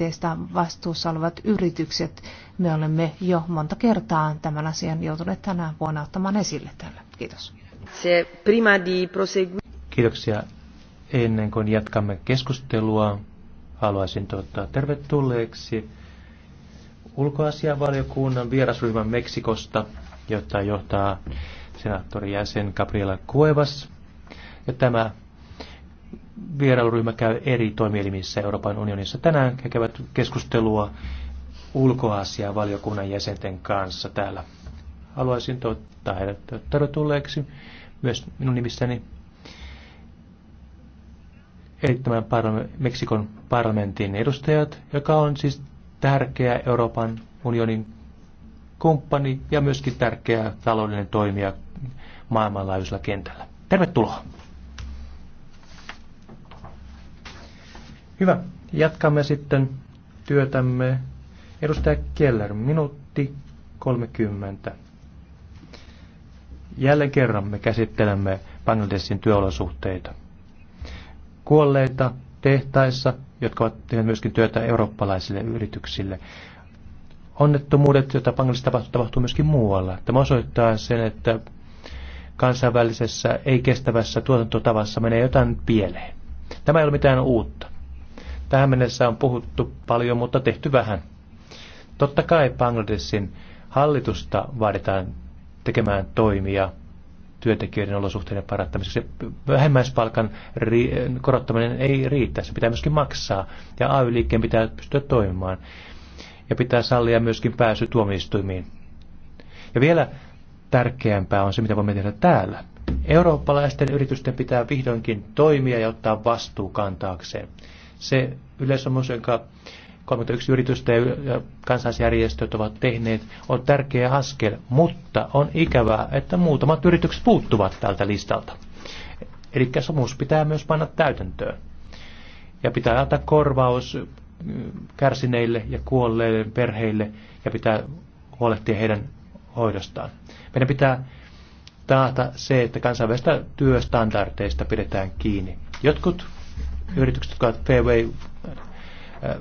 tuotteista vastuussa olevat yritykset. Me olemme jo monta kertaa tämän asian joutuneet tänä vuonna ottamaan esille täällä. Kiitos. Kiitoksia. Ennen kuin jatkamme keskustelua, haluaisin toivottaa tervetulleeksi ulkoasianvaliokunnan vierasryhmän Meksikosta, jota johtaa senaattorijäsen Gabriela Cuevas. Ja tämä vierailuryhmä käy eri toimielimissä Euroopan unionissa. Tänään he käyvät keskustelua valiokunnan jäsenten kanssa täällä. Haluaisin toivottaa heidät tervetulleeksi myös minun nimissäni eli tämän Meksikon parlamentin edustajat, joka on siis tärkeä Euroopan unionin kumppani ja myöskin tärkeä taloudellinen toimija maailmanlaajuisella kentällä. Tervetuloa! Hyvä. Jatkamme sitten työtämme. Edustaja Keller, minuutti 30. Jälleen kerran me käsittelemme Bangladesin työolosuhteita. Kuolleita tehtaissa, jotka ovat tehneet myöskin työtä eurooppalaisille yrityksille. Onnettomuudet, joita Bangladesissa tapahtuu, tapahtuu myöskin muualla. Tämä osoittaa sen, että kansainvälisessä ei-kestävässä tuotantotavassa menee jotain pieleen. Tämä ei ole mitään uutta. Tähän mennessä on puhuttu paljon, mutta tehty vähän. Totta kai Bangladesin hallitusta vaaditaan tekemään toimia työntekijöiden olosuhteiden parantamiseksi. Vähemmäispalkan korottaminen ei riitä, se pitää myöskin maksaa ja AY-liikkeen pitää pystyä toimimaan ja pitää sallia myöskin pääsy tuomioistuimiin. Ja vielä tärkeämpää on se, mitä voimme tehdä täällä. Eurooppalaisten yritysten pitää vihdoinkin toimia ja ottaa vastuu kantaakseen. Se yleissopimus, jonka 31 yritystä ja kansalaisjärjestöt ovat tehneet, on tärkeä askel, mutta on ikävää, että muutamat yritykset puuttuvat tältä listalta. Eli sopimus pitää myös panna täytäntöön. Ja pitää antaa korvaus mm, kärsineille ja kuolleille perheille ja pitää huolehtia heidän hoidostaan. Meidän pitää taata se, että kansainvälistä työstandardeista pidetään kiinni. Jotkut yritykset, jotka ovat Fairway äh,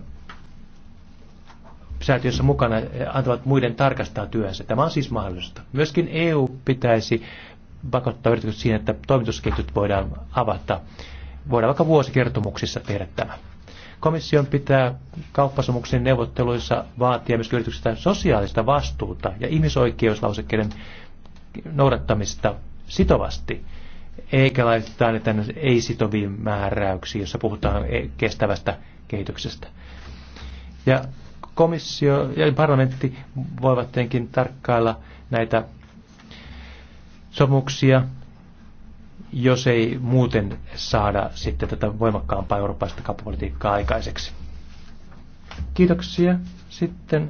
säätiössä mukana, äh, antavat muiden tarkastaa työnsä. Tämä on siis mahdollista. Myöskin EU pitäisi pakottaa yritykset siihen, että toimitusketjut voidaan avata. Voidaan vaikka vuosikertomuksissa tehdä tämä. Komission pitää kauppasomuksen neuvotteluissa vaatia myös yrityksistä sosiaalista vastuuta ja ihmisoikeuslausekkeiden noudattamista sitovasti eikä laiteta ne tänne ei-sitoviin määräyksiin, jossa puhutaan e- kestävästä kehityksestä. Ja komissio ja parlamentti voivat tietenkin tarkkailla näitä sopimuksia, jos ei muuten saada sitten tätä voimakkaampaa eurooppaista kauppapolitiikkaa aikaiseksi. Kiitoksia. Sitten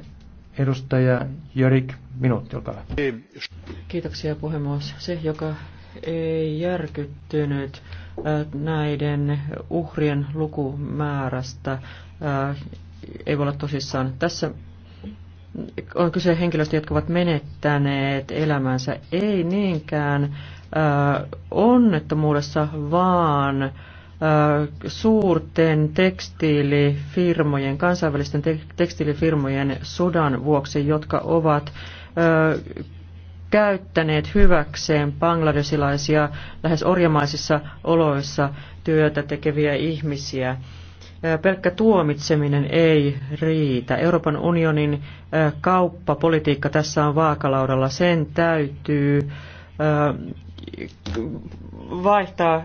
edustaja Jörik, minuutti, olkaa hyvä. Kiitoksia puhemies. Se, joka järkyttynyt näiden uhrien lukumäärästä. Ei voi olla tosissaan. Tässä on kyse henkilöistä, jotka ovat menettäneet elämänsä ei niinkään onnettomuudessa, vaan suurten tekstiilifirmojen, kansainvälisten tekstiilifirmojen sodan vuoksi, jotka ovat käyttäneet hyväkseen bangladesilaisia lähes orjamaisissa oloissa työtä tekeviä ihmisiä. Pelkkä tuomitseminen ei riitä. Euroopan unionin kauppapolitiikka tässä on vaakalaudalla. Sen täytyy vaihtaa,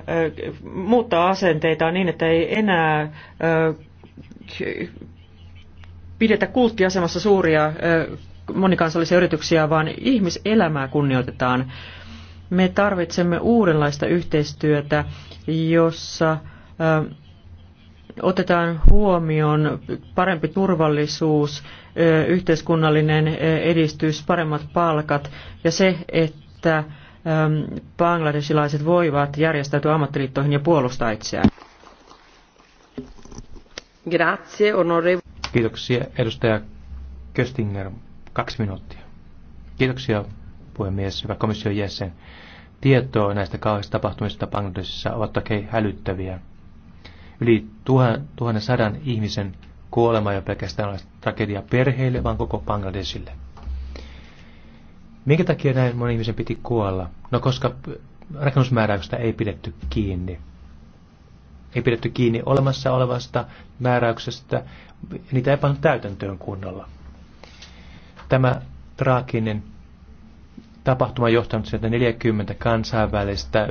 muuttaa asenteita niin, että ei enää pidetä kulttiasemassa suuria monikansallisia yrityksiä, vaan ihmiselämää kunnioitetaan. Me tarvitsemme uudenlaista yhteistyötä, jossa otetaan huomioon parempi turvallisuus, yhteiskunnallinen edistys, paremmat palkat ja se, että bangladesilaiset voivat järjestäytyä ammattiliittoihin ja puolustaa itseään. Grazie, onore. Kiitoksia, edustaja Köstinger. Kaksi minuuttia. Kiitoksia puhemies, hyvä komission jäsen. Tietoa näistä kauheista tapahtumista Bangladesissa ovat toki hälyttäviä. Yli 1100 ihmisen kuolema ei ole pelkästään ole tragedia perheille, vaan koko Bangladesille. Minkä takia näin moni ihmisen piti kuolla? No koska rakennusmääräyksestä ei pidetty kiinni. Ei pidetty kiinni olemassa olevasta määräyksestä, niitä ei pannut täytäntöön kunnolla. Tämä traaginen tapahtuma johtanut sieltä 40 kansainvälistä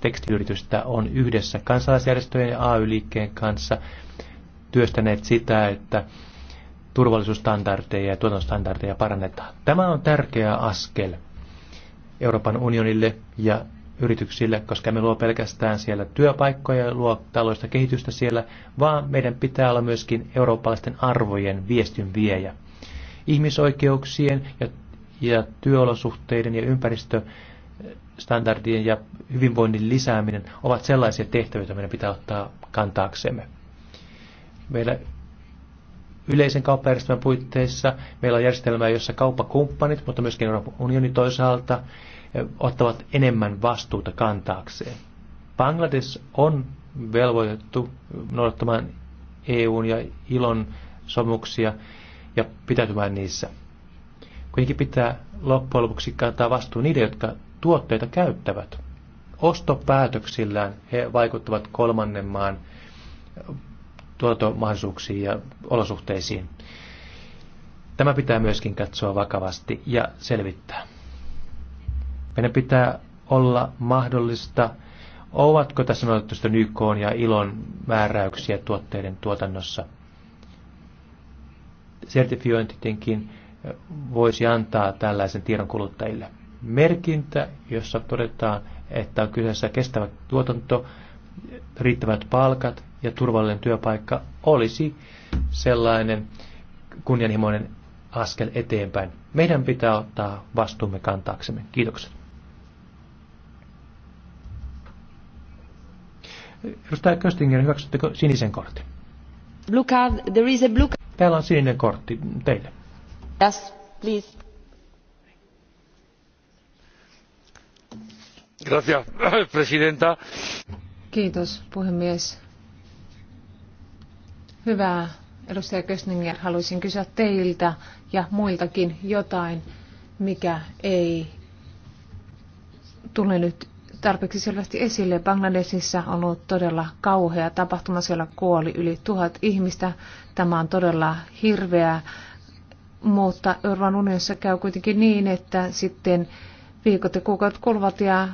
tekstiyritystä on yhdessä kansalaisjärjestöjen ja AY-liikkeen kanssa työstäneet sitä, että turvallisuusstandardeja ja tuotantostandardeja parannetaan. Tämä on tärkeä askel Euroopan unionille ja yrityksille, koska me luo pelkästään siellä työpaikkoja ja luo taloista kehitystä siellä, vaan meidän pitää olla myöskin eurooppalaisten arvojen viestin viejä ihmisoikeuksien ja, ja työolosuhteiden ja ympäristöstandardien ja hyvinvoinnin lisääminen ovat sellaisia tehtäviä, joita meidän pitää ottaa kantaaksemme. Meillä yleisen kauppajärjestelmän puitteissa meillä on järjestelmä, jossa kauppakumppanit, mutta myöskin Euroopan unioni toisaalta, eh, ottavat enemmän vastuuta kantaakseen. Bangladesh on velvoitettu noudattamaan EUn ja ILON sopimuksia ja pitäytymään niissä. Kuitenkin pitää loppujen lopuksi kantaa vastuu niiden, jotka tuotteita käyttävät. Ostopäätöksillään he vaikuttavat kolmannen maan tuotomahdollisuuksiin ja olosuhteisiin. Tämä pitää myöskin katsoa vakavasti ja selvittää. Meidän pitää olla mahdollista, ovatko tässä noudatettu YK ja ILON määräyksiä tuotteiden tuotannossa – sertifiointitinkin voisi antaa tällaisen tiedon kuluttajille. Merkintä, jossa todetaan, että on kyseessä kestävä tuotanto, riittävät palkat ja turvallinen työpaikka olisi sellainen kunnianhimoinen askel eteenpäin. Meidän pitää ottaa vastuumme kantaaksemme. Kiitokset. Edustaja Köstinger, hyväksyttekö sinisen kortin? Blue card, there is a blue card. Täällä on sininen kortti teille. Yes, please. Gracias, presidenta. Kiitos, puhemies. Hyvää edustaja Kösninger, haluaisin kysyä teiltä ja muiltakin jotain, mikä ei tule nyt tarpeeksi selvästi esille. Bangladesissa on ollut todella kauhea tapahtuma. Siellä kuoli yli tuhat ihmistä. Tämä on todella hirveää, mutta Euroopan unionissa käy kuitenkin niin, että sitten viikot ja kuukaudet kulvat ja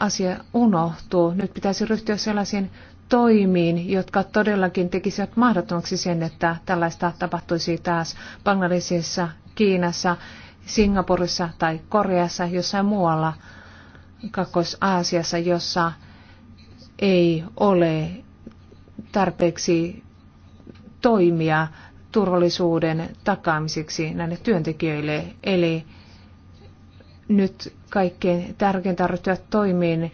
asia unohtuu. Nyt pitäisi ryhtyä sellaisiin toimiin, jotka todellakin tekisivät mahdottomaksi sen, että tällaista tapahtuisi taas Bangladesissa, Kiinassa, Singapurissa tai Koreassa, jossain muualla – Kakkois-Aasiassa, jossa ei ole tarpeeksi toimia turvallisuuden takaamiseksi näille työntekijöille. Eli nyt kaikkein tärkeintä ryhtyä toimiin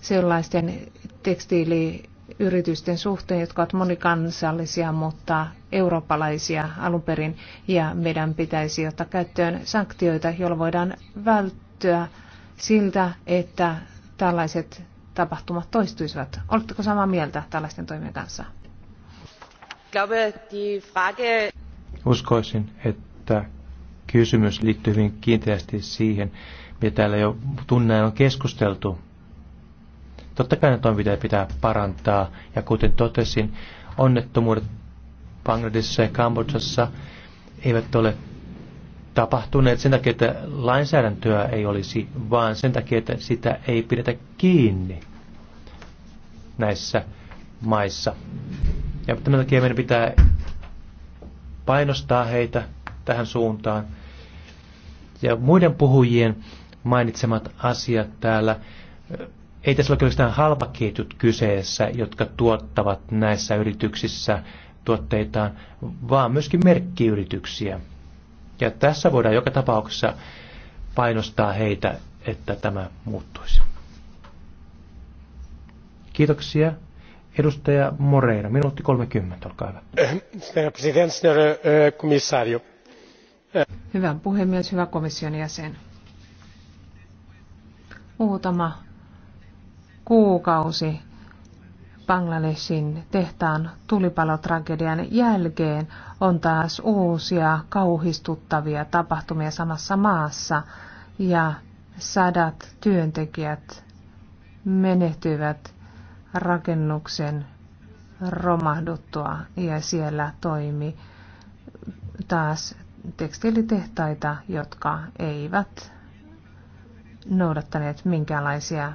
sellaisten tekstiiliyritysten suhteen, jotka ovat monikansallisia, mutta eurooppalaisia alun perin. Ja meidän pitäisi ottaa käyttöön sanktioita, joilla voidaan välttää siltä, että tällaiset tapahtumat toistuisivat. Oletteko samaa mieltä tällaisten toimien kanssa? Uskoisin, että kysymys liittyy hyvin kiinteästi siihen, mitä täällä jo tunneen on keskusteltu. Totta kai ne toimenpiteet pitää parantaa, ja kuten totesin, onnettomuudet Bangladesissa ja Kambodsassa eivät ole tapahtuneet sen takia, että lainsäädäntöä ei olisi, vaan sen takia, että sitä ei pidetä kiinni näissä maissa. Ja tämän takia meidän pitää painostaa heitä tähän suuntaan. Ja muiden puhujien mainitsemat asiat täällä, ei tässä ole kyllä halpaketjut kyseessä, jotka tuottavat näissä yrityksissä tuotteitaan, vaan myöskin merkkiyrityksiä, ja tässä voidaan joka tapauksessa painostaa heitä, että tämä muuttuisi. Kiitoksia. Edustaja Moreira, minuutti 30, olkaa hyvä. Eh, hyvä puhemies, hyvä komission jäsen. Muutama kuukausi Bangladesin tehtaan tulipalotragedian jälkeen on taas uusia kauhistuttavia tapahtumia samassa maassa ja sadat työntekijät menehtyivät rakennuksen romahduttua ja siellä toimi taas tekstiilitehtaita, jotka eivät noudattaneet minkäänlaisia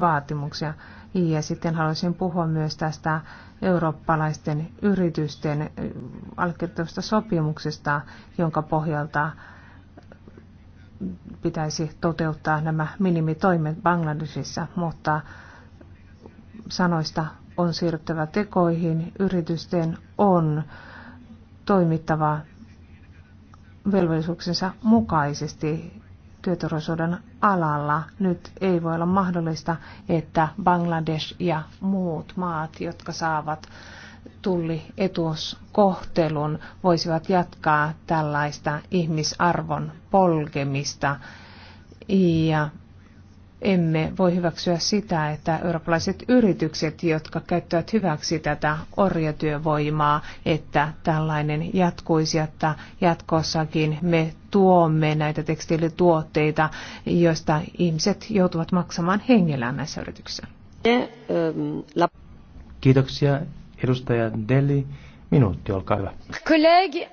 vaatimuksia. Ja sitten haluaisin puhua myös tästä eurooppalaisten yritysten allekirjoittavasta sopimuksesta, jonka pohjalta pitäisi toteuttaa nämä minimitoimet Bangladesissa, mutta sanoista on siirryttävä tekoihin, yritysten on toimittava velvollisuuksensa mukaisesti työturvallisuuden alalla. Nyt ei voi olla mahdollista, että Bangladesh ja muut maat, jotka saavat etuskohtelun, voisivat jatkaa tällaista ihmisarvon polkemista. Ja emme voi hyväksyä sitä, että eurooppalaiset yritykset, jotka käyttävät hyväksi tätä orjatyövoimaa, että tällainen jatkuisi, että jatkossakin me tuomme näitä tekstiilituotteita, joista ihmiset joutuvat maksamaan hengellään näissä yrityksissä. Ähm, Kiitoksia edustaja Deli. Minuutti, olkaa hyvä. Kollegi.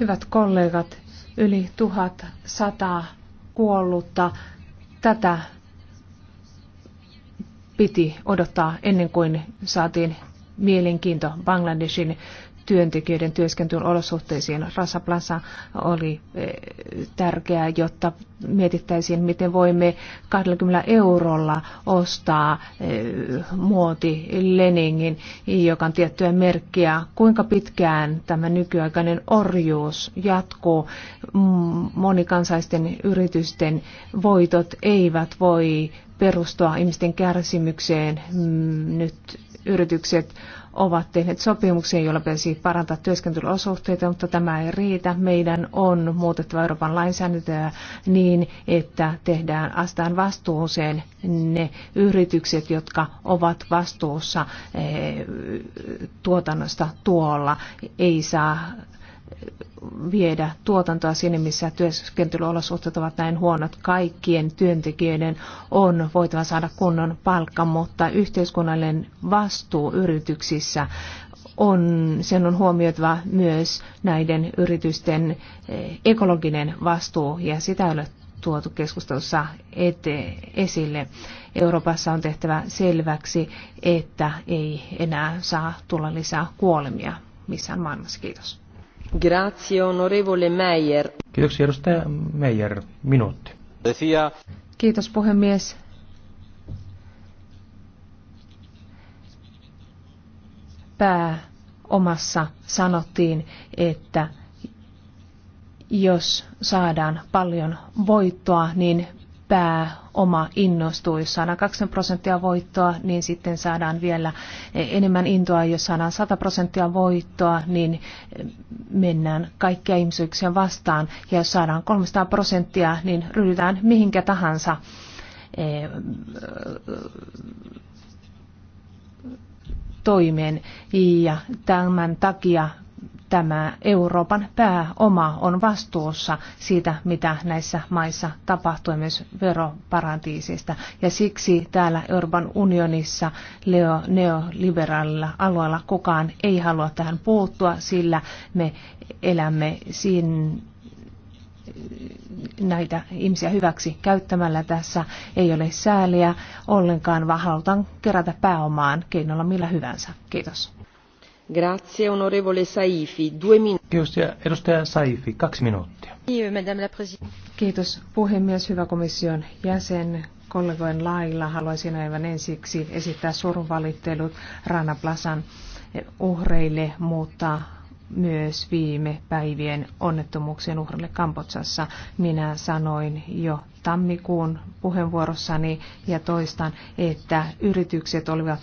Hyvät kollegat, yli 1100 kuollutta. Tätä piti odottaa ennen kuin saatiin mielenkiinto Bangladeshin työntekijöiden työskentelyn olosuhteisiin. Rasaplasa oli eh, tärkeää, jotta mietittäisiin, miten voimme 20 eurolla ostaa eh, muoti Leningin, joka on tiettyä merkkiä. Kuinka pitkään tämä nykyaikainen orjuus jatkuu? Monikansaisten yritysten voitot eivät voi perustua ihmisten kärsimykseen. Mm, nyt yritykset ovat tehneet sopimuksia, joilla pitäisi parantaa työskentelyolosuhteita, mutta tämä ei riitä. Meidän on muutettava Euroopan lainsäädäntöä niin, että tehdään astaan vastuuseen ne yritykset, jotka ovat vastuussa eh, tuotannosta tuolla. Ei saa viedä tuotantoa sinne, missä työskentelyolosuhteet ovat näin huonot. Kaikkien työntekijöiden on voitava saada kunnon palkka, mutta yhteiskunnallinen vastuu yrityksissä on, sen on huomioitava myös näiden yritysten eh, ekologinen vastuu ja sitä ei ole tuotu keskustelussa ete, esille. Euroopassa on tehtävä selväksi, että ei enää saa tulla lisää kuolemia missään maailmassa. Kiitos. Grazie, onorevole Meijer. Kiitoksia, edustaja Meijer. Minuutti. Kiitos, puhemies. Pää omassa sanottiin, että jos saadaan paljon voittoa, niin pääoma innostuu. Jos saadaan 2 prosenttia voittoa, niin sitten saadaan vielä enemmän intoa. Jos saadaan 100 prosenttia voittoa, niin mennään kaikkia ihmisyyksiä vastaan. Ja jos saadaan 300 prosenttia, niin ryhdytään mihinkä tahansa ehm, toimeen. Ja tämän takia tämä Euroopan pääoma on vastuussa siitä, mitä näissä maissa tapahtuu myös veroparantiisista. Ja siksi täällä Euroopan unionissa leo, neoliberaalilla alueella kukaan ei halua tähän puuttua, sillä me elämme siinä näitä ihmisiä hyväksi käyttämällä tässä ei ole sääliä ollenkaan, vaan halutaan kerätä pääomaan keinolla millä hyvänsä. Kiitos. Grazie, Saifi. kaksi minuuttia. puhemies, hyvä komission jäsen. Kollegojen lailla haluaisin aivan ensiksi esittää surunvalittelut Rana plazan uhreille, mutta myös viime päivien onnettomuuksien uhreille kambodassa. Minä sanoin jo tammikuun puheenvuorossani ja toistan, että yritykset olivat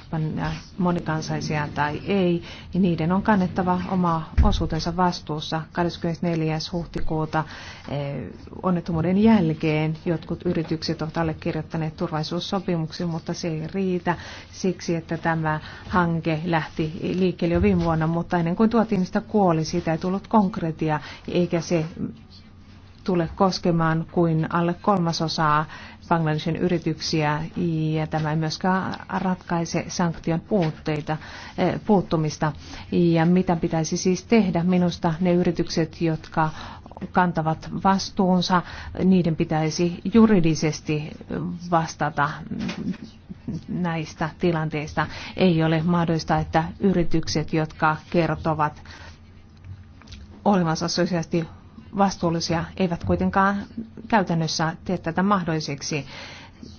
monikansaisia tai ei, niin niiden on kannettava oma osuutensa vastuussa 24. huhtikuuta eh, onnettomuuden jälkeen. Jotkut yritykset ovat allekirjoittaneet turvallisuussopimuksen, mutta se ei riitä siksi, että tämä hanke lähti liikkeelle jo viime vuonna, mutta ennen kuin tuotiin sitä kuoli, siitä ei tullut konkretia, eikä se tule koskemaan kuin alle kolmasosaa Bangladeshin yrityksiä ja tämä ei myöskään ratkaise sanktion puutteita, eh, puuttumista. Ja mitä pitäisi siis tehdä? Minusta ne yritykset, jotka kantavat vastuunsa, niiden pitäisi juridisesti vastata näistä tilanteista. Ei ole mahdollista, että yritykset, jotka kertovat olevansa sosiaalisesti vastuullisia eivät kuitenkaan käytännössä tee tätä mahdolliseksi.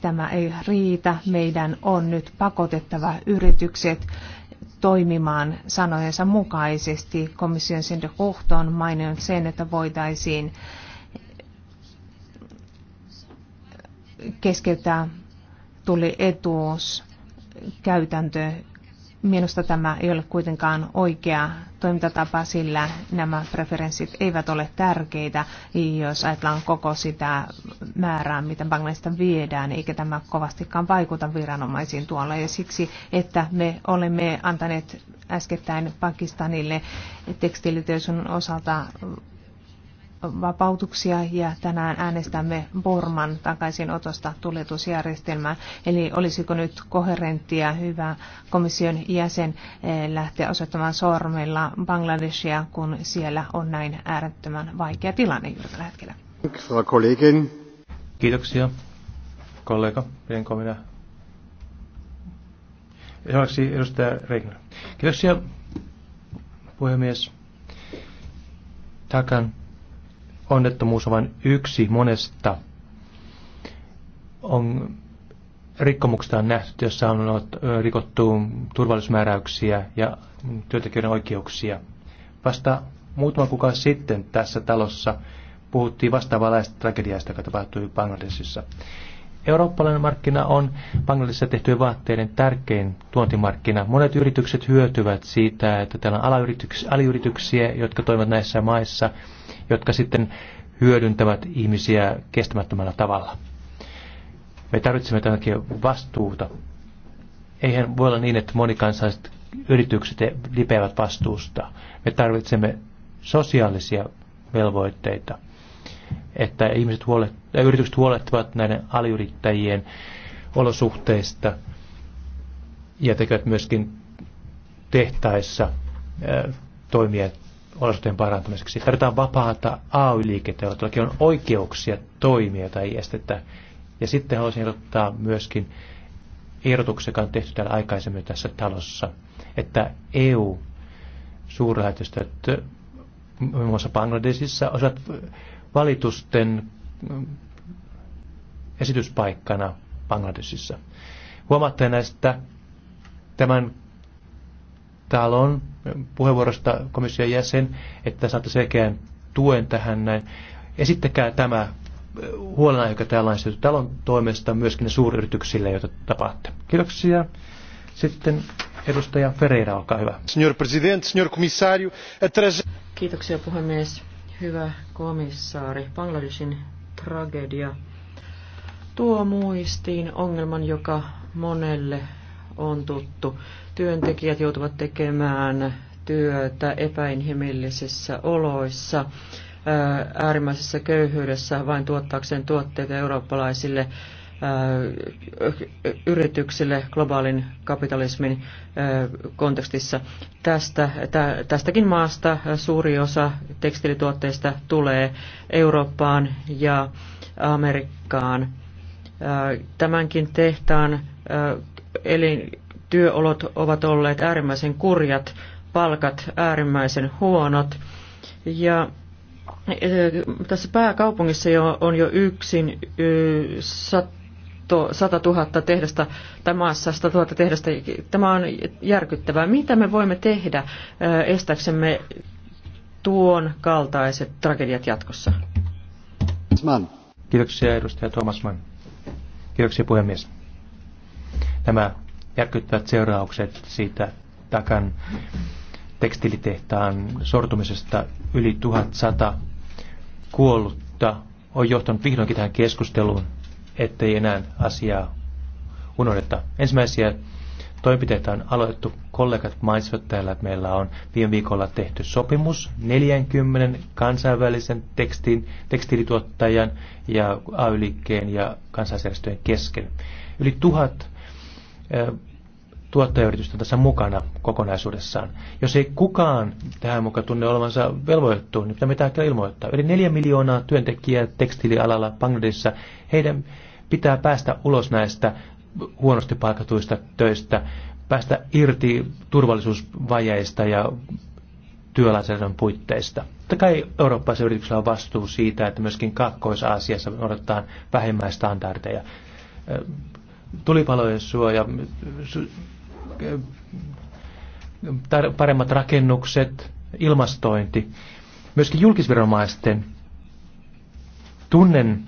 Tämä ei riitä. Meidän on nyt pakotettava yritykset toimimaan sanojensa mukaisesti. Komission sen on maininnut sen, että voitaisiin keskeyttää tuli etuus käytäntö Minusta tämä ei ole kuitenkaan oikea toimintatapa, sillä nämä preferenssit eivät ole tärkeitä, jos ajatellaan koko sitä määrää, mitä Bangladesta viedään, eikä tämä kovastikaan vaikuta viranomaisiin tuolla. Ja siksi, että me olemme antaneet äskettäin Pakistanille tekstiiliteollisuuden osalta vapautuksia ja tänään äänestämme Borman otosta tuletusjärjestelmään. Eli olisiko nyt koherenttia hyvä komission jäsen eh, lähteä osoittamaan sormella Bangladesia, kun siellä on näin äärettömän vaikea tilanne juuri tällä hetkellä. Kiitoksia, kollega. Pienko minä? Esimerkiksi eh, edustaja Reikner. Kiitoksia, puhemies. Takan onnettomuus on vain yksi monesta on, rikkomuksista on nähty, jossa on rikottu turvallisuusmääräyksiä ja työntekijöiden oikeuksia. Vasta muutama kuukausi sitten tässä talossa puhuttiin vastaavaa tragediasta, joka tapahtui Bangladesissa. Eurooppalainen markkina on Bangladesissa tehtyjen vaatteiden tärkein tuontimarkkina. Monet yritykset hyötyvät siitä, että täällä on aliyrityksiä, jotka toimivat näissä maissa, jotka sitten hyödyntävät ihmisiä kestämättömällä tavalla. Me tarvitsemme tämänkin vastuuta. Eihän voi olla niin, että monikansalliset yritykset lipeävät vastuusta. Me tarvitsemme sosiaalisia velvoitteita, että ihmiset huolehtivat ja yritykset huolehtivat näiden aliyrittäjien olosuhteista ja tekevät myöskin tehtaissa toimia olosuhteen parantamiseksi. Tarvitaan vapaata AY-liikettä, jolla on oikeuksia toimia tai estettä. Ja sitten haluaisin ottaa myöskin ehdotuksen, joka on tehty täällä aikaisemmin tässä talossa, että EU-suurlähetystöt muun muassa Bangladesissa osat valitusten No, esityspaikkana Bangladesissa. Huomaatte näistä tämän talon puheenvuorosta komission jäsen, että saatte selkeän tuen tähän näin. Esittäkää tämä huolenaihe, joka täällä on talon toimesta myöskin suuryrityksille, joita tapaatte. Kiitoksia. Sitten edustaja Ferreira, olkaa hyvä. Signor President, signor Komissario. Kiitoksia puhemies. Hyvä komissaari. Bangladesin tragedia tuo muistiin ongelman, joka monelle on tuttu. Työntekijät joutuvat tekemään työtä epäinhimillisissä oloissa, äärimmäisessä köyhyydessä vain tuottaakseen tuotteita eurooppalaisille yrityksille globaalin kapitalismin kontekstissa. Tästä, tä, tästäkin maasta suuri osa tekstiilituotteista tulee Eurooppaan ja Amerikkaan. Tämänkin tehtaan eli työolot ovat olleet äärimmäisen kurjat, palkat äärimmäisen huonot ja tässä pääkaupungissa jo, on jo yksin y, sat, 100 000 tehdasta tai maassa 100 000 tehdasta. Tämä on järkyttävää. Mitä me voimme tehdä estäksemme tuon kaltaiset tragediat jatkossa? Kiitoksia edustaja Thomas Mann. Kiitoksia puhemies. Nämä järkyttävät seuraukset siitä takan tekstilitehtaan sortumisesta yli 1100 kuollutta on johtanut vihdoinkin tähän keskusteluun ettei enää asiaa unohdeta. Ensimmäisiä toimenpiteitä on aloitettu. Kollegat mainitsivat täällä, että meillä on viime viikolla tehty sopimus 40 kansainvälisen tekstin, tekstiilituottajan ja ay ja kansainvälisten kesken. Yli tuhat tuottajayritystä tässä mukana kokonaisuudessaan. Jos ei kukaan tähän mukaan tunne olevansa velvoitettu, niin pitää ilmoittaa. Yli neljä miljoonaa työntekijää tekstiilialalla Bangladesissa, heidän Pitää päästä ulos näistä huonosti palkatuista töistä, päästä irti turvallisuusvajeista ja työlainsäädännön puitteista. Totta kai eurooppalaisilla yrityksellä on vastuu siitä, että myöskin Kaakkois-Aasiassa odotetaan vähimmäistandardeja. Tulipalojen suoja, paremmat rakennukset, ilmastointi. Myöskin julkisviranomaisten tunnen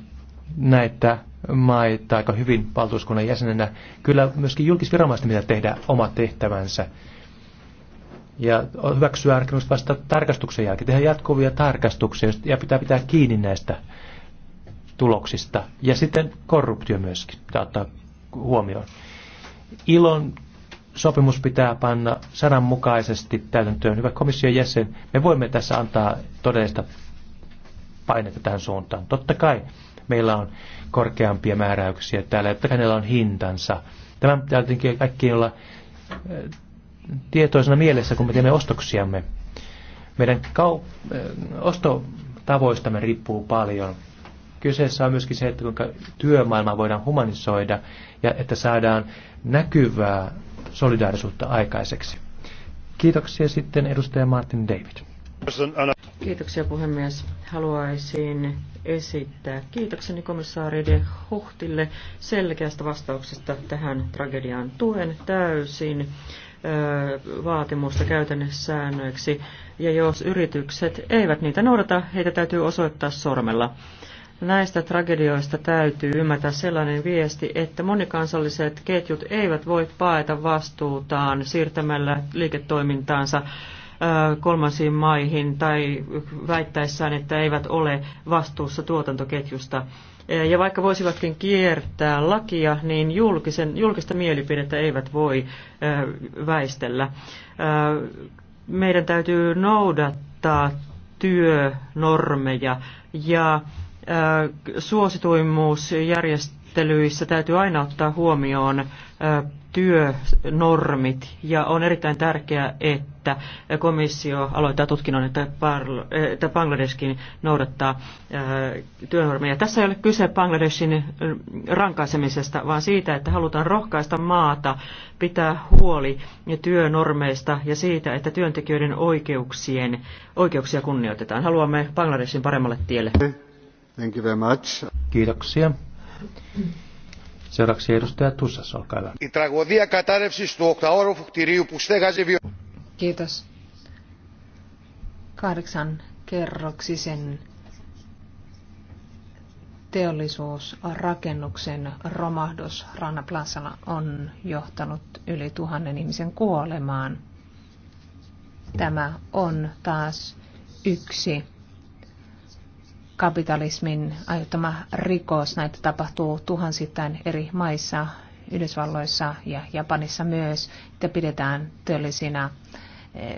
näitä maita aika hyvin valtuuskunnan jäsenenä. Kyllä myöskin julkisviranomaisten mitä tehdä omat tehtävänsä ja hyväksyä arkennus vasta tarkastuksen jälkeen, tehdä jatkuvia tarkastuksia ja pitää pitää kiinni näistä tuloksista. Ja sitten korruptio myöskin pitää ottaa huomioon. Ilon sopimus pitää panna sananmukaisesti täytäntöön. Hyvä komission jäsen, me voimme tässä antaa todellista painetta tähän suuntaan. Totta kai meillä on korkeampia määräyksiä täällä, että hänellä on hintansa. Tämä pitää jotenkin kaikki olla eh, tietoisena mielessä, kun me teemme ostoksiamme. Meidän kaup- eh, ostotavoistamme riippuu paljon. Kyseessä on myöskin se, että kuinka työmaailmaa voidaan humanisoida ja että saadaan näkyvää solidaarisuutta aikaiseksi. Kiitoksia sitten edustaja Martin David. Kiitoksia puhemies. Haluaisin esittää kiitokseni komissaari De Huhtille selkeästä vastauksesta tähän tragediaan. Tuen täysin vaatimusta käytännössäännöiksi, ja jos yritykset eivät niitä noudata, heitä täytyy osoittaa sormella. Näistä tragedioista täytyy ymmärtää sellainen viesti, että monikansalliset ketjut eivät voi paeta vastuutaan siirtämällä liiketoimintaansa kolmansiin maihin tai väittäessään, että eivät ole vastuussa tuotantoketjusta. Ja vaikka voisivatkin kiertää lakia, niin julkisen, julkista mielipidettä eivät voi väistellä. Meidän täytyy noudattaa työnormeja ja suosituimmuusjärjestelmää menettelyissä täytyy aina ottaa huomioon työnormit ja on erittäin tärkeää, että komissio aloittaa tutkinnon, että, että Bangladeskin noudattaa työnormeja. Tässä ei ole kyse Bangladeshin rankaisemisesta, vaan siitä, että halutaan rohkaista maata pitää huoli työnormeista ja siitä, että työntekijöiden oikeuksien, oikeuksia kunnioitetaan. Haluamme Bangladeshin paremmalle tielle. Thank you very much. Kiitoksia. Seuraavaksi edustaja Tussas, olkaa hyvä. Η τραγωδία κατάρρευσης του οκταόροφου κτηρίου που στέγαζε βιο... Kiitos. Kahdeksan kerroksisen teollisuusrakennuksen romahdus Rana on johtanut yli tuhannen ihmisen kuolemaan. Tämä on taas yksi kapitalismin aiheuttama rikos. Näitä tapahtuu tuhansittain eri maissa, Yhdysvalloissa ja Japanissa myös, Niitä pidetään töllisinä eh,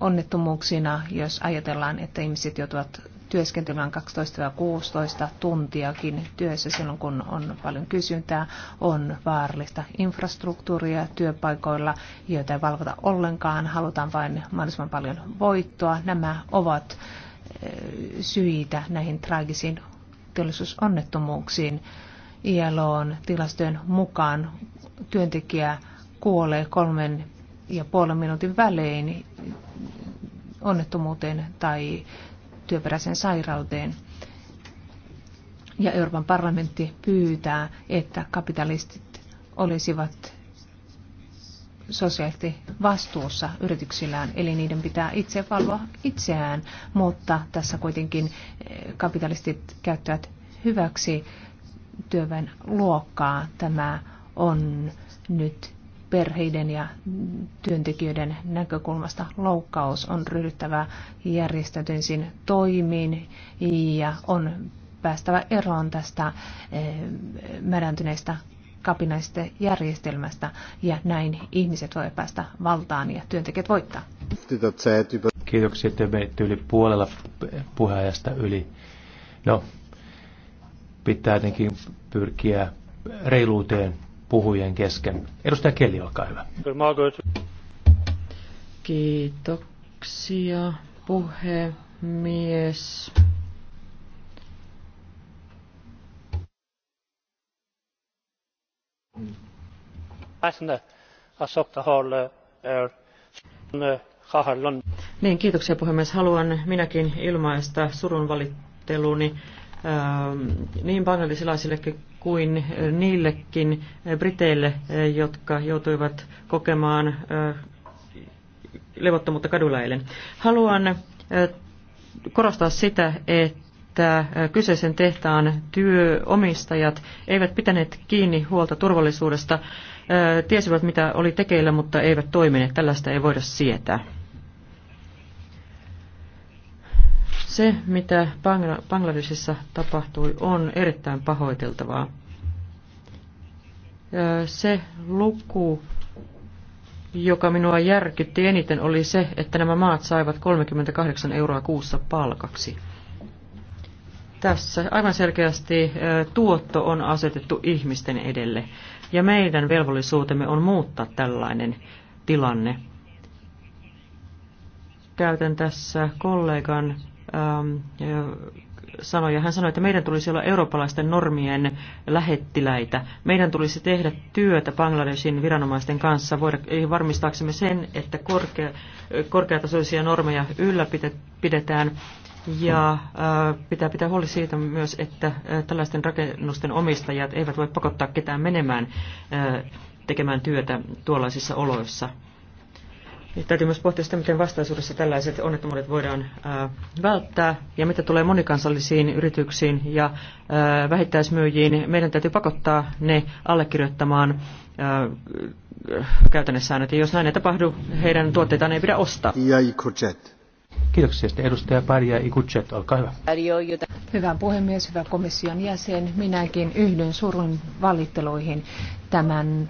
onnettomuuksina, jos ajatellaan, että ihmiset joutuvat työskentelemään 12-16 tuntiakin työssä silloin, kun on paljon kysyntää, on vaarallista infrastruktuuria työpaikoilla, joita ei valvota ollenkaan, halutaan vain mahdollisimman paljon voittoa. Nämä ovat Eh, syitä näihin traagisiin teollisuusonnettomuuksiin. ILOn tilastojen mukaan työntekijä kuolee kolmen ja puolen minuutin välein onnettomuuteen tai työperäisen sairauteen. Ja Euroopan parlamentti pyytää, että kapitalistit olisivat sosiaalisesti vastuussa yrityksillään, eli niiden pitää itse valvoa itseään, mutta tässä kuitenkin eh, kapitalistit käyttävät hyväksi työväen luokkaa. Tämä on nyt perheiden ja työntekijöiden näkökulmasta loukkaus on ryhdyttävä järjestäytynsin toimiin ja on päästävä eroon tästä eh, mädäntyneestä kapinaista järjestelmästä ja näin ihmiset voi päästä valtaan ja työntekijät voittaa. Kiitoksia, että meitä yli puolella puheenjohtajasta yli. No, pitää jotenkin pyrkiä reiluuteen puhujien kesken. Edustaja Kelly, olkaa hyvä. Kiitoksia, puhemies. Eh, eh, eh, niin, kiitoksia puhemies. Haluan minäkin ilmaista surun valitteluni ähm, niin bangladesilaisille kuin niillekin briteille, jotka joutuivat kokemaan levottomuutta kadulla eilen. Haluan korostaa sitä, että että kyseisen tehtaan työomistajat eivät pitäneet kiinni huolta turvallisuudesta, tiesivät mitä oli tekeillä, mutta eivät toimineet. Tällaista ei voida sietää. Se, mitä Bangladesissa tapahtui, on erittäin pahoiteltavaa. Se luku, joka minua järkytti eniten, oli se, että nämä maat saivat 38 euroa kuussa palkaksi. Tässä aivan selkeästi tuotto on asetettu ihmisten edelle. Ja meidän velvollisuutemme on muuttaa tällainen tilanne. Käytän tässä kollegan ähm, sanoja. Hän sanoi, että meidän tulisi olla eurooppalaisten normien lähettiläitä. Meidän tulisi tehdä työtä Bangladesin viranomaisten kanssa voida, eh, varmistaaksemme sen, että korkea, korkeatasoisia normeja ylläpidetään ja äh, pitää pitää huoli siitä myös, että äh, tällaisten rakennusten omistajat eivät voi pakottaa ketään menemään äh, tekemään työtä tuollaisissa oloissa. Ja täytyy myös pohtia sitä, miten vastaisuudessa tällaiset onnettomuudet voidaan ää, välttää ja mitä tulee monikansallisiin yrityksiin ja ää, vähittäismyyjiin. Meidän täytyy pakottaa ne allekirjoittamaan ää, käytännössä, jos näin ei tapahdu, heidän tuotteitaan ei pidä ostaa. Kiitoksia. Sitten edustaja Paria Ikutset, olkaa hyvä. Hyvä puhemies, hyvä komission jäsen. Minäkin yhdyn surun valitteluihin tämän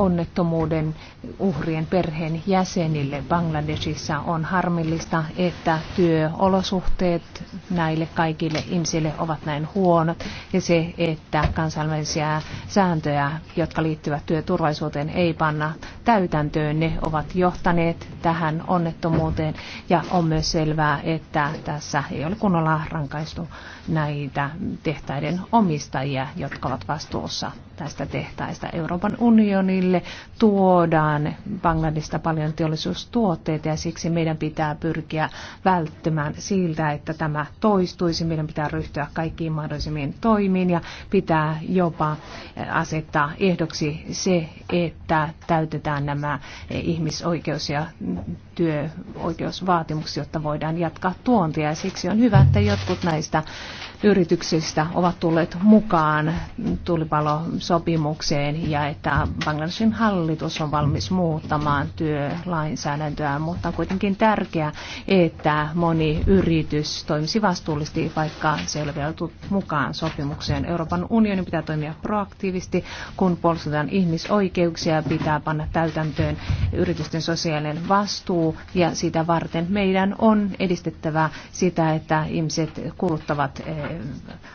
onnettomuuden uhrien perheen jäsenille Bangladesissa. On harmillista, että työolosuhteet näille kaikille ihmisille ovat näin huonot ja se, että kansainvälisiä sääntöjä, jotka liittyvät työturvallisuuteen, ei panna täytäntöön. Ne ovat johtaneet tähän onnettomuuteen ja on myös selvää, että tässä ei ole kunnolla rankaistu näitä tehtaiden omistajia, jotka ovat vastuussa tästä tehtaista. Euroopan unionille tuodaan Bangladista paljon teollisuustuotteita ja siksi meidän pitää pyrkiä välttämään siltä, että tämä toistuisi. Meidän pitää ryhtyä kaikkiin mahdollisiin toimiin ja pitää jopa asettaa ehdoksi se, että täytetään nämä ihmisoikeus- ja työoikeusvaatimuksia, jotta voidaan jatkaa tuontia. Ja siksi on hyvä, että jotkut näistä yrityksistä ovat tulleet mukaan tulipalosopimukseen ja että Bangladesin hallitus on valmis muuttamaan työlainsäädäntöä, mutta on kuitenkin tärkeää, että moni yritys toimisi vastuullisesti, vaikka se ei ole vielä mukaan sopimukseen. Euroopan unionin pitää toimia proaktiivisesti, kun puolustetaan ihmisoikeuksia, pitää panna täytäntöön yritysten sosiaalinen vastuu ja sitä varten meidän on edistettävä sitä, että ihmiset kuluttavat eh,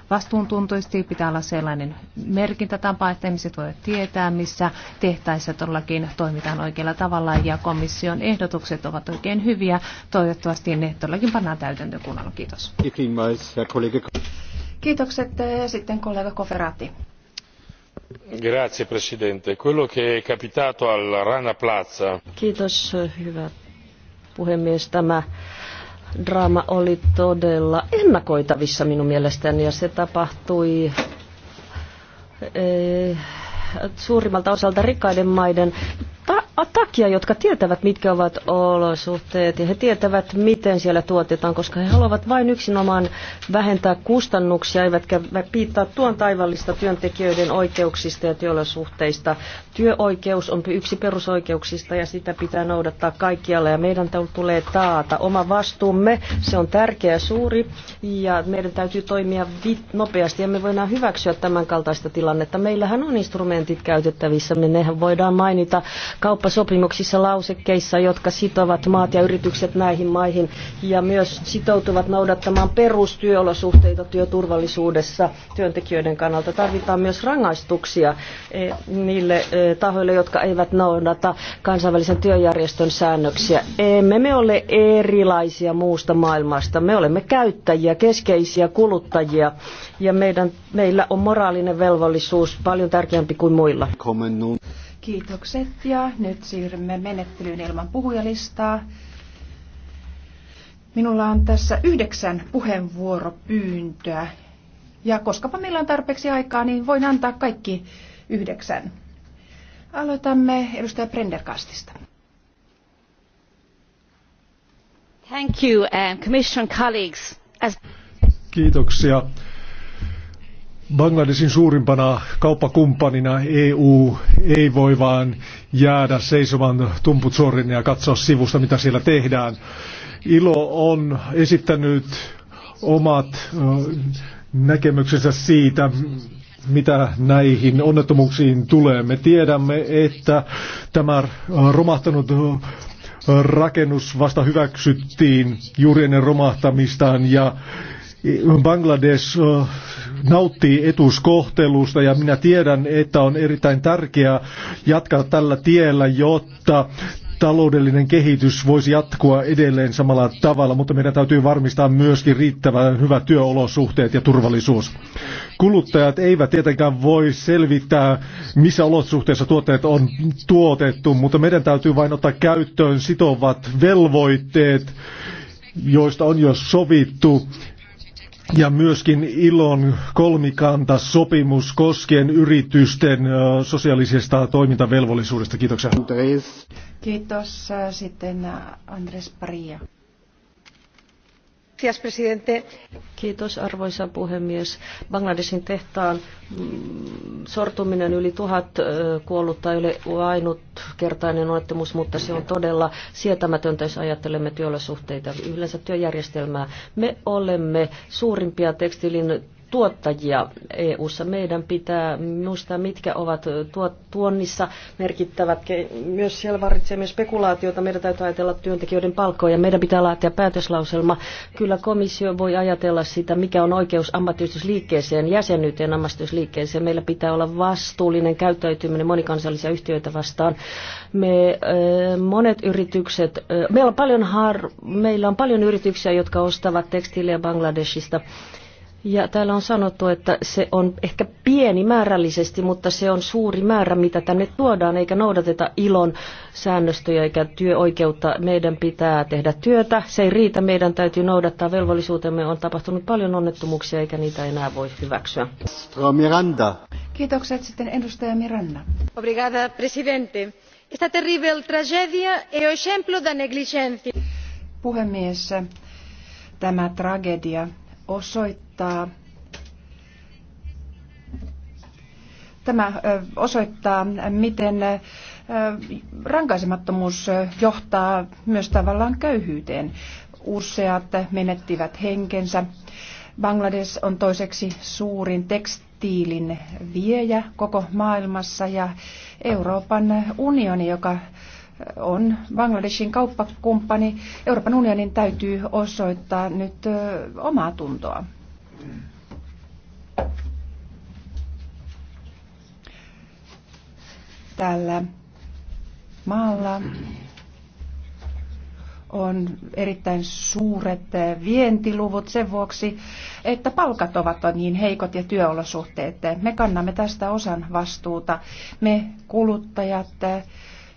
vastuuntuntoisesti. Pitää olla sellainen merkintätapa, että ihmiset voivat tietää, missä tehtäessä todellakin toimitaan oikealla tavalla ja komission ehdotukset ovat oikein hyviä. Toivottavasti ne todellakin pannaan täytäntöön kunnolla. Kiitos. Kiitokset sitten kollega Koferati Grazie presidente quello che è capitato al rana plaza. kiitos hyvä puhemies tämä draama oli todella ennakoitavissa minun mielestäni ja se tapahtui eh, suurimmalta osalta rikkaiden maiden ta- takia, jotka tietävät, mitkä ovat olosuhteet ja he tietävät, miten siellä tuotetaan, koska he haluavat vain yksinomaan vähentää kustannuksia, eivätkä piittaa tuon taivallista työntekijöiden oikeuksista ja työolosuhteista. Työoikeus on yksi perusoikeuksista ja sitä pitää noudattaa kaikkialla ja meidän tulee taata oma vastuumme. Se on tärkeä suuri ja meidän täytyy toimia nopeasti ja me voidaan hyväksyä tämän kaltaista tilannetta. Meillähän on instrumentit käytettävissä, me nehän voidaan mainita kauppa kauppasopimuksissa lausekkeissa, jotka sitovat maat ja yritykset näihin maihin ja myös sitoutuvat noudattamaan perustyöolosuhteita työturvallisuudessa työntekijöiden kannalta. Tarvitaan myös rangaistuksia eh, niille eh, tahoille, jotka eivät noudata kansainvälisen työjärjestön säännöksiä. Emme me ole erilaisia muusta maailmasta. Me olemme käyttäjiä, keskeisiä kuluttajia ja meidän, meillä on moraalinen velvollisuus paljon tärkeämpi kuin muilla. Kiitokset ja nyt siirrymme menettelyyn ilman puhujalistaa. Minulla on tässä yhdeksän puheenvuoropyyntöä ja koskapa meillä on tarpeeksi aikaa, niin voin antaa kaikki yhdeksän. Aloitamme edustaja Prendergastista. Thank you, um, commission colleagues. As... Kiitoksia. Bangladesin suurimpana kauppakumppanina EU ei voi vaan jäädä seisomaan tumput suorin ja katsoa sivusta, mitä siellä tehdään. ILO on esittänyt omat näkemyksensä siitä, mitä näihin onnettomuuksiin tulee. Me tiedämme, että tämä romahtanut rakennus vasta hyväksyttiin juuri ennen romahtamistaan ja Bangladesh nauttii etuskohtelusta ja minä tiedän, että on erittäin tärkeää jatkaa tällä tiellä, jotta taloudellinen kehitys voisi jatkua edelleen samalla tavalla, mutta meidän täytyy varmistaa myöskin riittävän hyvät työolosuhteet ja turvallisuus. Kuluttajat eivät tietenkään voi selvittää, missä olosuhteissa tuotteet on tuotettu, mutta meidän täytyy vain ottaa käyttöön sitovat velvoitteet, joista on jo sovittu ja myöskin ilon kolmikanta sopimus koskien yritysten sosiaalisesta toimintavelvollisuudesta. Kiitoksia. Andres. Kiitos. Sitten Andres Paria. Kiitos arvoisa puhemies. bangladeshin tehtaan mm, sortuminen yli tuhat kuollutta ei ole ainutkertainen onnettomuus, mutta se on todella sietämätöntä, jos ajattelemme työolosuhteita, yleensä työjärjestelmää. Me olemme suurimpia tekstiilin tuottajia EU-ssa. Meidän pitää muistaa, mitkä ovat tuonnissa merkittävät. Myös siellä varitsee myös spekulaatiota. Meidän täytyy ajatella työntekijöiden palkkoja. Meidän pitää laatia päätöslauselma. Kyllä komissio voi ajatella sitä, mikä on oikeus ammattiyhdistysliikkeeseen, jäsenyyteen ammattiyhdistysliikkeeseen. Meillä pitää olla vastuullinen käyttäytyminen monikansallisia yhtiöitä vastaan. Me, monet yritykset, meillä on paljon, har, meillä on paljon yrityksiä, jotka ostavat tekstiilejä Bangladesista. Ja täällä on sanottu, että se on ehkä pieni määrällisesti, mutta se on suuri määrä, mitä tänne tuodaan, eikä noudateta ilon säännöstöjä eikä työoikeutta. Meidän pitää tehdä työtä. Se ei riitä. Meidän täytyy noudattaa velvollisuutemme. On tapahtunut paljon onnettomuuksia, eikä niitä enää voi hyväksyä. Miranda. Kiitokset sitten edustaja Miranda. Obrigada, presidente. Esta terrible tragedia e o exemplo da negligencia. Puhemies, tämä tragedia osoittaa Tämä osoittaa, miten rankaisemattomuus johtaa myös tavallaan köyhyyteen. Useat menettivät henkensä. Bangladesh on toiseksi suurin tekstiilin viejä koko maailmassa ja Euroopan unioni, joka on Bangladeshin kauppakumppani. Euroopan unionin täytyy osoittaa nyt omaa tuntoa. Tällä maalla on erittäin suuret vientiluvut sen vuoksi, että palkat ovat niin heikot ja työolosuhteet. Me kannamme tästä osan vastuuta. Me kuluttajat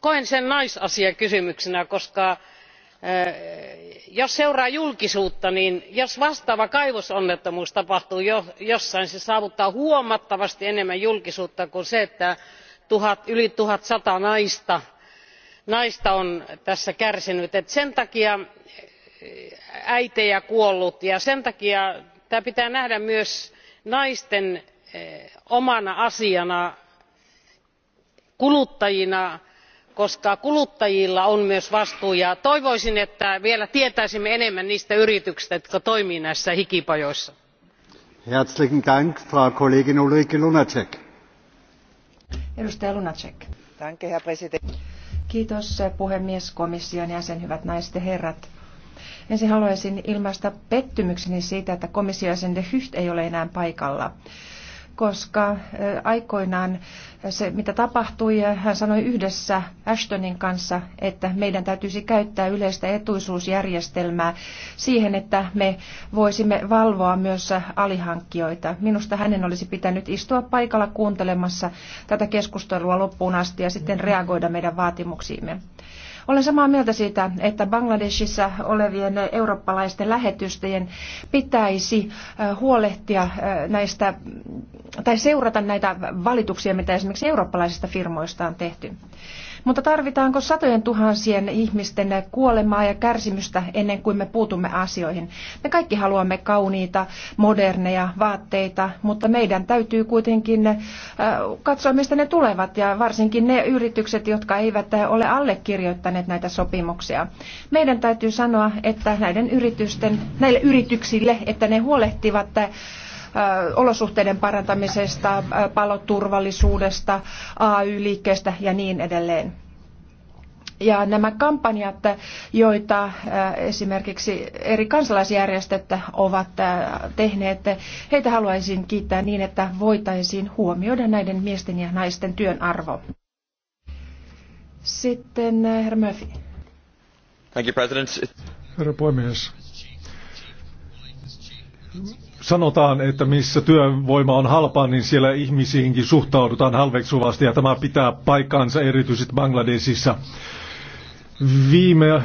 koen sen naisasiakysymyksenä koska jos seuraa julkisuutta niin jos vastaava kaivosonnettomuus tapahtuu jossain se saavuttaa huomattavasti enemmän julkisuutta kuin se että yli tuhat sata naista on tässä kärsinyt. sen takia äitejä kuollut ja sen takia tämä pitää nähdä myös naisten omana asiana kuluttajina koska kuluttajilla on myös vastuu ja toivoisin että vielä tietäisimme enemmän niistä yrityksistä jotka toimivat näissä hikipajoissa. arvoisa puhemies komission jäsen hyvät naiset ja herrat ensin haluaisin ilmaista pettymykseni siitä että komission jäsen de gucht ei ole enää paikalla koska aikoinaan se, mitä tapahtui, hän sanoi yhdessä Ashtonin kanssa, että meidän täytyisi käyttää yleistä etuisuusjärjestelmää siihen, että me voisimme valvoa myös alihankkijoita. Minusta hänen olisi pitänyt istua paikalla kuuntelemassa tätä keskustelua loppuun asti ja sitten reagoida meidän vaatimuksiimme. Olen samaa mieltä siitä, että Bangladesissa olevien eurooppalaisten lähetystöjen pitäisi huolehtia näistä tai seurata näitä valituksia, mitä esimerkiksi eurooppalaisista firmoista on tehty. Mutta tarvitaanko satojen tuhansien ihmisten kuolemaa ja kärsimystä ennen kuin me puutumme asioihin? Me kaikki haluamme kauniita, moderneja vaatteita, mutta meidän täytyy kuitenkin äh, katsoa, mistä ne tulevat ja varsinkin ne yritykset, jotka eivät ole allekirjoittaneet näitä sopimuksia. Meidän täytyy sanoa, että näiden yritysten, näille yrityksille, että ne huolehtivat olosuhteiden parantamisesta, paloturvallisuudesta, AY-liikkeestä ja niin edelleen. Ja nämä kampanjat, joita esimerkiksi eri kansalaisjärjestöt ovat tehneet, heitä haluaisin kiittää niin, että voitaisiin huomioida näiden miesten ja naisten työn arvo. Sitten herra Murphy. Thank you, President. Herra puhemies, sanotaan, että missä työvoima on halpaa, niin siellä ihmisiinkin suhtaudutaan halveksuvasti ja tämä pitää paikkaansa erityisesti Bangladesissa. Viime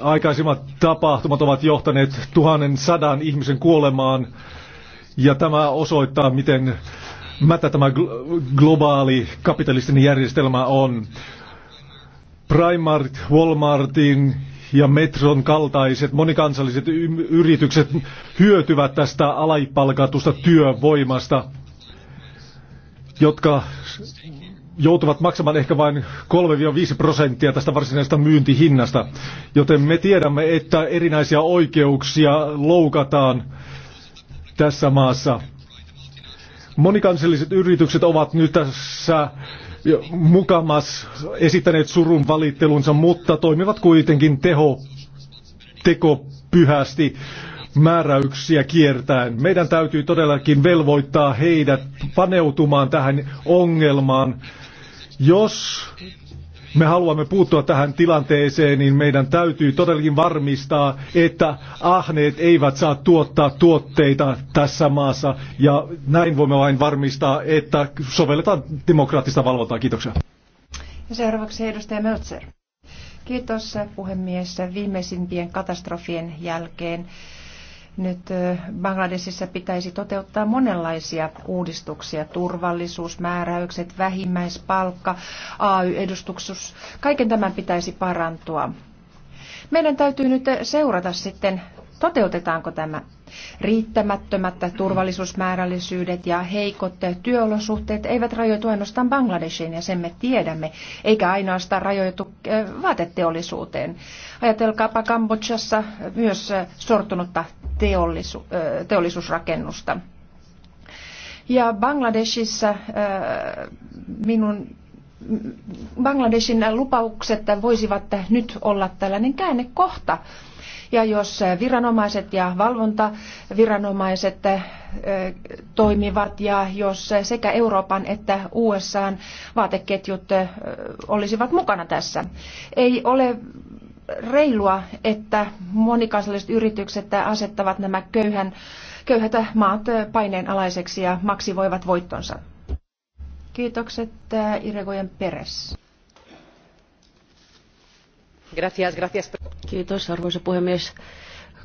aikaisimmat tapahtumat ovat johtaneet tuhannen sadan ihmisen kuolemaan ja tämä osoittaa, miten mätä tämä globaali kapitalistinen järjestelmä on. Primark, Walmartin ja Metron kaltaiset monikansalliset yritykset hyötyvät tästä alaipalkatusta työvoimasta, jotka joutuvat maksamaan ehkä vain 3-5 prosenttia tästä varsinaisesta myyntihinnasta. Joten me tiedämme, että erinäisiä oikeuksia loukataan tässä maassa. Monikansalliset yritykset ovat nyt tässä mukamas esittäneet surun valittelunsa, mutta toimivat kuitenkin teho, teko pyhästi määräyksiä kiertäen. Meidän täytyy todellakin velvoittaa heidät paneutumaan tähän ongelmaan. Jos me haluamme puuttua tähän tilanteeseen, niin meidän täytyy todellakin varmistaa, että ahneet eivät saa tuottaa tuotteita tässä maassa. Ja näin voimme vain varmistaa, että sovelletaan demokraattista valvontaa. Kiitoksia. Ja seuraavaksi edustaja Möltser. Kiitos puhemies. Viimeisimpien katastrofien jälkeen nyt Bangladesissa pitäisi toteuttaa monenlaisia uudistuksia, turvallisuusmääräykset, vähimmäispalkka, AY-edustuksus, kaiken tämän pitäisi parantua. Meidän täytyy nyt seurata sitten, toteutetaanko tämä riittämättömät turvallisuusmäärällisyydet ja heikot työolosuhteet eivät rajoitu ainoastaan Bangladeshiin ja sen me tiedämme, eikä ainoastaan rajoitu äh, vaateteollisuuteen. Ajatelkaapa Kambodžassa myös äh, sortunutta teollisu- äh, teollisuusrakennusta. Ja Bangladeshissa minun Bangladeshin lupaukset voisivat nyt olla tällainen käännekohta ja jos eh, viranomaiset ja valvontaviranomaiset eh, toimivat ja jos eh, sekä Euroopan että USAn vaateketjut olisivat mukana tässä. Ei ole reilua, että monikansalliset yritykset asettavat nämä köyhän, köyhät maat paineen alaiseksi ja maksivoivat voittonsa. Kiitokset Iregojen Peres. Kiitos, arvoisa puhemies.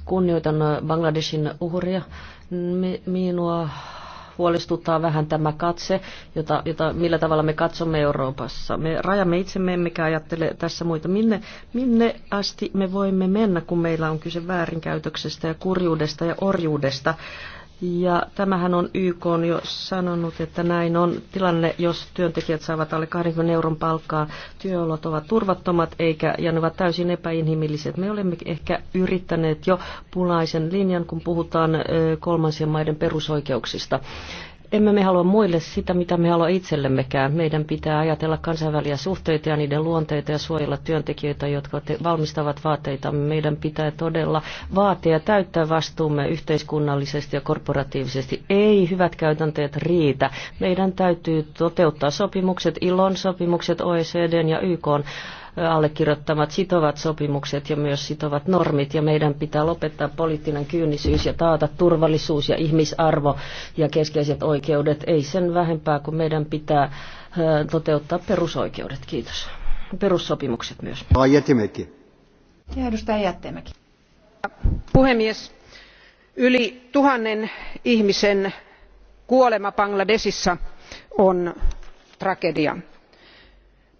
Kunnioitan äh, Bangladeshin uhria. Minua huolestuttaa vähän tämä katse, jota, jota, millä tavalla me katsomme Euroopassa. Me rajamme itsemme, emmekä ajattele tässä muita. Minne, minne asti me voimme mennä, kun meillä on kyse väärinkäytöksestä ja kurjuudesta ja orjuudesta? Ja tämähän on YK on jo sanonut, että näin on tilanne, jos työntekijät saavat alle 20 euron palkkaa. Työolot ovat turvattomat eikä, ja ne ovat täysin epäinhimilliset. Me olemme ehkä yrittäneet jo punaisen linjan, kun puhutaan kolmansien maiden perusoikeuksista emme me halua muille sitä, mitä me haluamme itsellemmekään. Meidän pitää ajatella kansainvälisiä suhteita ja niiden luonteita ja suojella työntekijöitä, jotka valmistavat vaateita. Meidän pitää todella vaatia ja täyttää vastuumme yhteiskunnallisesti ja korporatiivisesti. Ei hyvät käytänteet riitä. Meidän täytyy toteuttaa sopimukset, ilon sopimukset, OECDn ja YKn allekirjoittamat sitovat sopimukset ja myös sitovat normit. Ja meidän pitää lopettaa poliittinen kyynisyys ja taata turvallisuus ja ihmisarvo ja keskeiset oikeudet. Ei sen vähempää kuin meidän pitää toteuttaa perusoikeudet. Kiitos. Perussopimukset myös. Ja edustaja Jättemäki. Puhemies, yli tuhannen ihmisen kuolema Bangladesissa on tragedia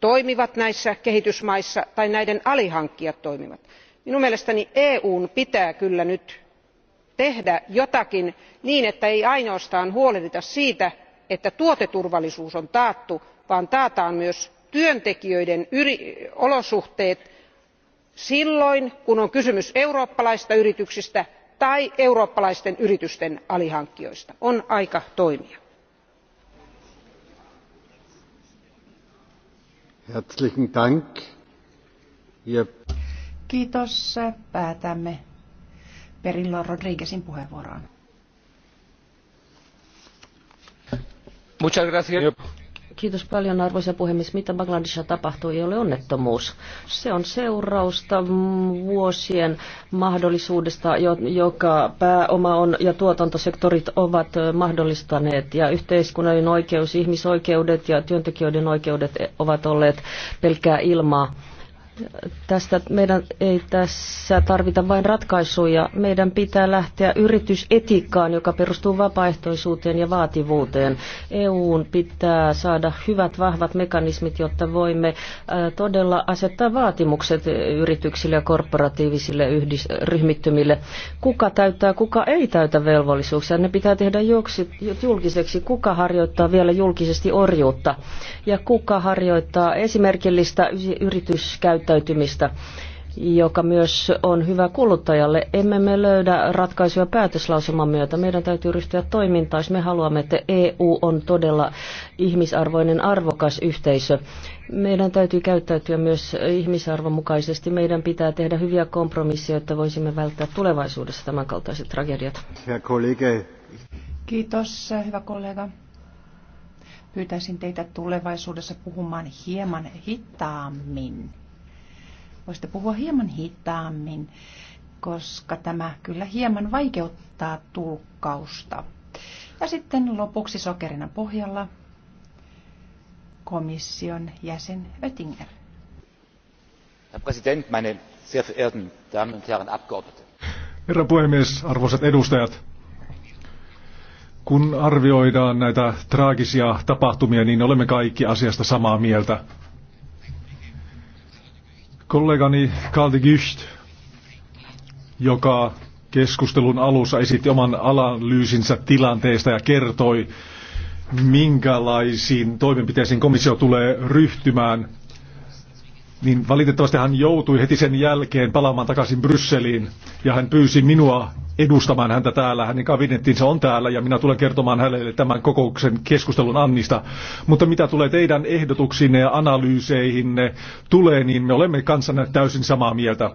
toimivat näissä kehitysmaissa tai näiden alihankkijat toimivat. minun mielestäni eu n pitää kyllä nyt tehdä jotakin niin että ei ainoastaan huolehdita siitä että tuoteturvallisuus on taattu vaan taataan myös työntekijöiden olosuhteet silloin kun on kysymys eurooppalaisista yrityksistä tai eurooppalaisten yritysten alihankkijoista. on aika toimia. Kiitos. Päätämme Perillo Rodriguezin puheenvuoroon. Muchas gracias. Kiitos paljon arvoisa puhemies. Mitä Bangladesissa tapahtui ei ole onnettomuus. Se on seurausta vuosien mahdollisuudesta, joka pääoma on ja tuotantosektorit ovat mahdollistaneet. Ja yhteiskunnallinen oikeus, ihmisoikeudet ja työntekijöiden oikeudet e-, ovat olleet pelkkää ilmaa Tästä meidän ei tässä tarvita vain ratkaisuja. Meidän pitää lähteä yritysetiikkaan, joka perustuu vapaaehtoisuuteen ja vaativuuteen. EUn pitää saada hyvät, vahvat mekanismit, jotta voimme todella asettaa vaatimukset yrityksille ja korporatiivisille yhdis- ryhmittymille. Kuka täyttää, kuka ei täytä velvollisuuksia. Ne pitää tehdä julkiseksi. Kuka harjoittaa vielä julkisesti orjuutta ja kuka harjoittaa esimerkillistä yrityskäyttöä käyttäytymistä joka myös on hyvä kuluttajalle. Emme me löydä ratkaisuja päätöslauselman myötä. Meidän täytyy ryhtyä toimintaan, jos me haluamme, että EU on todella ihmisarvoinen, arvokas yhteisö. Meidän täytyy käyttäytyä myös ihmisarvon mukaisesti. Meidän pitää tehdä hyviä kompromisseja, että voisimme välttää tulevaisuudessa tämänkaltaiset tragediat. Kiitos, hyvä kollega. Pyytäisin teitä tulevaisuudessa puhumaan hieman hitaammin. Voisitte puhua hieman hitaammin, koska tämä kyllä hieman vaikeuttaa tulkkausta. Ja sitten lopuksi sokerina pohjalla komission jäsen Oettinger. Herr Präsident, meine sehr verehrten Damen und Herren Abgeordnete. Herra puhemies, arvoisat edustajat. Kun arvioidaan näitä traagisia tapahtumia, niin olemme kaikki asiasta samaa mieltä. Kollegani Carl de Gyst, joka keskustelun alussa esitti oman analyysinsä tilanteesta ja kertoi, minkälaisiin toimenpiteisiin komissio tulee ryhtymään niin valitettavasti hän joutui heti sen jälkeen palaamaan takaisin Brysseliin ja hän pyysi minua edustamaan häntä täällä. Hänen kabinettinsa on täällä ja minä tulen kertomaan hänelle tämän kokouksen keskustelun Annista. Mutta mitä tulee teidän ehdotuksiinne ja analyyseihinne tulee, niin me olemme kanssanne täysin samaa mieltä.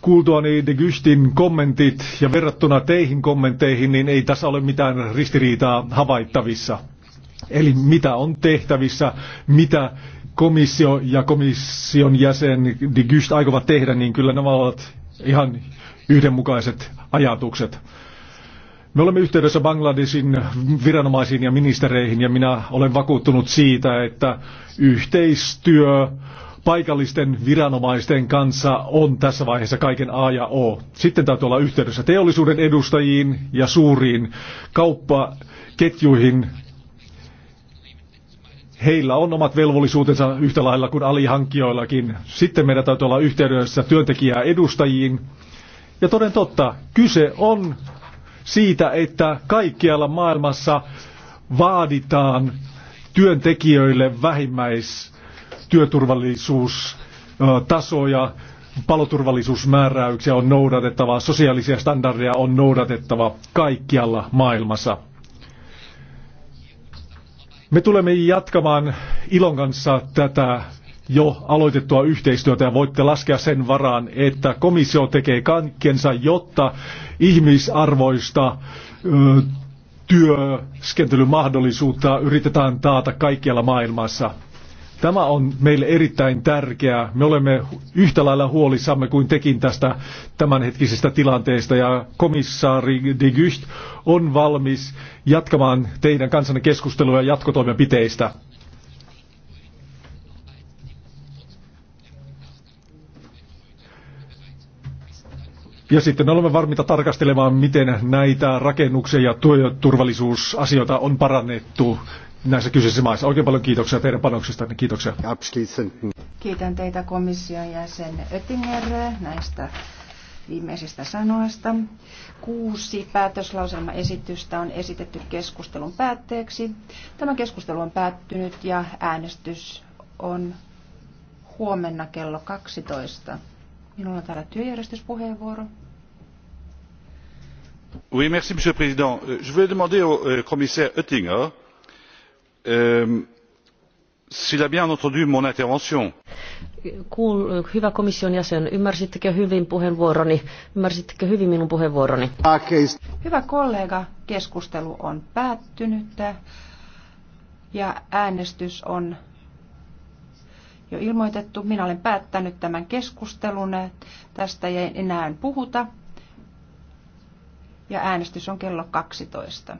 Kuultuani De Gystin kommentit ja verrattuna teihin kommentteihin, niin ei tässä ole mitään ristiriitaa havaittavissa. Eli mitä on tehtävissä, mitä komissio ja komission jäsen De Gyst aikovat tehdä, niin kyllä nämä ovat ihan yhdenmukaiset ajatukset. Me olemme yhteydessä Bangladesin viranomaisiin ja ministereihin ja minä olen vakuuttunut siitä, että yhteistyö paikallisten viranomaisten kanssa on tässä vaiheessa kaiken A ja O. Sitten täytyy olla yhteydessä teollisuuden edustajiin ja suuriin kauppaketjuihin heillä on omat velvollisuutensa yhtä lailla kuin alihankkijoillakin. Sitten meidän täytyy olla yhteydessä työntekijää edustajiin. Ja toden totta, kyse on siitä, että kaikkialla maailmassa vaaditaan työntekijöille vähimmäistyöturvallisuustasoja, paloturvallisuusmääräyksiä on noudatettava, sosiaalisia standardeja on noudatettava kaikkialla maailmassa. Me tulemme jatkamaan ilon kanssa tätä jo aloitettua yhteistyötä ja voitte laskea sen varaan, että komissio tekee kaikkensa, jotta ihmisarvoista ö, työskentelymahdollisuutta yritetään taata kaikkialla maailmassa. Tämä on meille erittäin tärkeää. Me olemme yhtä lailla huolissamme kuin tekin tästä tämänhetkisestä tilanteesta ja komissaari de Gucht on valmis jatkamaan teidän kansanne keskustelua jatkotoimenpiteistä. Ja sitten olemme varmiita tarkastelemaan, miten näitä rakennuksia ja turvallisuusasioita on parannettu näissä kyseisissä maissa. Oikein paljon kiitoksia teidän panoksistanne. Niin kiitoksia. Kiitän teitä komission jäsen Oettinger näistä viimeisistä sanoista. Kuusi päätöslauselmaesitystä on esitetty keskustelun päätteeksi. Tämä keskustelu on päättynyt ja äänestys on huomenna kello 12. Minulla on täällä työjärjestyspuheenvuoro. Oui, merci, monsieur le président. Je voulais demander au euh, commissaire Oettinger Euh, Sillä bien entendu mon intervention. Hyvä komission jäsen, ymmärsittekö hyvin puheenvuoroni? Ymmärsittekö hyvin minun puheenvuoroni? Hyvä kollega, keskustelu on päättynyt ja äänestys on jo ilmoitettu. Minä olen päättänyt tämän keskustelun. Tästä ei enää puhuta. Ja äänestys on kello 12.